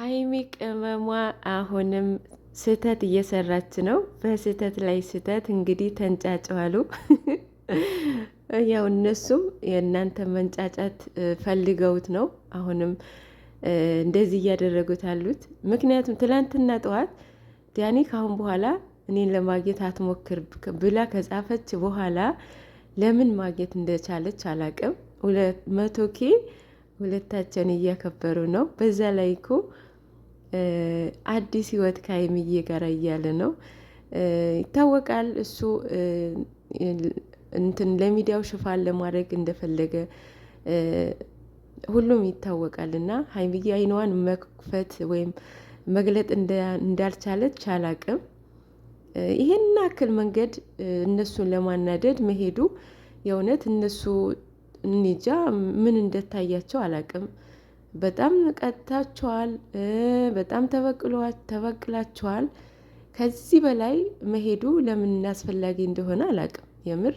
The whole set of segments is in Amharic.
ሀይሚ ቅመሟ አሁንም ስህተት እየሰራች ነው። በስህተት ላይ ስህተት እንግዲህ ተንጫጫዋሉ። ያው እነሱም የእናንተ መንጫጫት ፈልገውት ነው አሁንም እንደዚህ እያደረጉት አሉት። ምክንያቱም ትላንትና ጠዋት ዳኒ ካሁን በኋላ እኔን ለማግኘት አትሞክር ብላ ከጻፈች በኋላ ለምን ማግኘት እንደቻለች አላቅም። መቶ ኬ ሁለታቸውን እያከበሩ ነው። በዛ ላይ እኮ አዲስ ህይወት ከሀይሚዬ ጋር እያለ ነው ይታወቃል። እሱ እንትን ለሚዲያው ሽፋን ለማድረግ እንደፈለገ ሁሉም ይታወቃል። እና ሀይሚዬ አይነዋን መክፈት ወይም መግለጥ እንዳልቻለች አላቅም። ይሄን አክል መንገድ እነሱን ለማናደድ መሄዱ የእውነት እነሱ እኔጃ ምን እንደታያቸው አላቅም። በጣም ቀጥታችኋል፣ በጣም ተበቅላችኋል። ከዚህ በላይ መሄዱ ለምን አስፈላጊ እንደሆነ አላቅም። የምር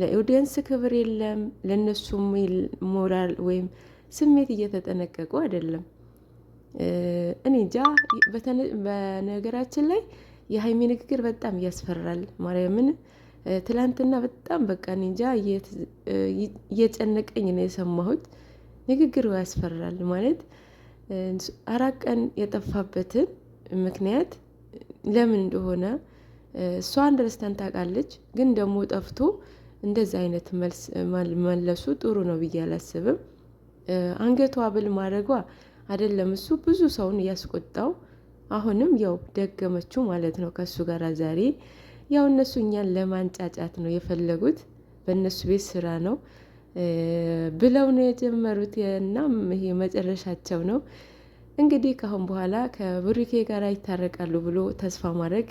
ለኦዲየንስ ክብር የለም፣ ለእነሱም ሞራል ወይም ስሜት እየተጠነቀቁ አይደለም። እኔ እንጃ። በነገራችን ላይ የሀይሚ ንግግር በጣም ያስፈራል። ማርያምን ትላንትና በጣም በቃ እኔ እንጃ እየጨነቀኝ ነው የሰማሁት። ንግግሩ ያስፈራል ማለት አራት ቀን የጠፋበትን ምክንያት ለምን እንደሆነ እሷ አንደርስታንድ ታውቃለች። ግን ደግሞ ጠፍቶ እንደዚህ አይነት መለሱ ጥሩ ነው ብዬ አላስብም። አንገቷ ብል ማድረጓ አይደለም እሱ ብዙ ሰውን እያስቆጣው አሁንም ያው ደገመችው ማለት ነው ከእሱ ጋር ዛሬ ያው እነሱ እኛን ለማንጫጫት ነው የፈለጉት። በእነሱ ቤት ስራ ነው ብለው ነው የጀመሩት እና ይሄ መጨረሻቸው ነው። እንግዲህ ከአሁን በኋላ ከብሩኬ ጋር ይታረቃሉ ብሎ ተስፋ ማድረግ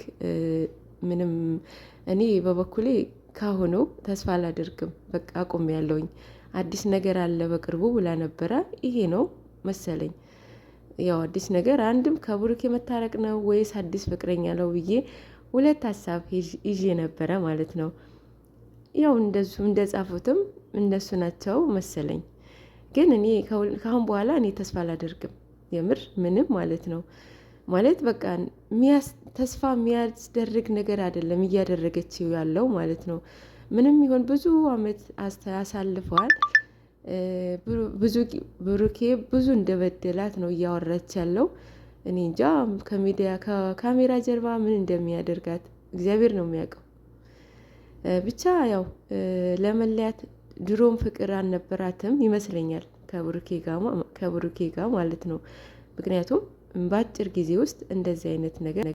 ምንም እኔ በበኩሌ ካሁኑ ተስፋ አላደርግም። በቃ አቁም ያለውኝ አዲስ ነገር አለ በቅርቡ ብላ ነበረ። ይሄ ነው መሰለኝ። ያው አዲስ ነገር አንድም ከብሩኬ መታረቅ ነው ወይስ አዲስ ፍቅረኛ ነው ብዬ ሁለት ሀሳብ ይዤ ነበረ ማለት ነው። ያው እንደሱ እንደጻፉትም እንደሱ ናቸው መሰለኝ። ግን እኔ ከአሁን በኋላ እኔ ተስፋ አላደርግም የምር ምንም ማለት ነው። ማለት በቃ ተስፋ የሚያስደርግ ነገር አይደለም እያደረገችው ያለው ማለት ነው። ምንም ይሆን ብዙ አመት አሳልፈዋል። ብዙ ብሩኬ ብዙ እንደበደላት ነው እያወራች ያለው። እኔ እንጃ ከሚዲያ ከካሜራ ጀርባ ምን እንደሚያደርጋት እግዚአብሔር ነው የሚያውቀው። ብቻ ያው ለመለያት ድሮም ፍቅር አልነበራትም ይመስለኛል ከብሩኬ ጋር ማለት ነው። ምክንያቱም በአጭር ጊዜ ውስጥ እንደዚህ አይነት ነገር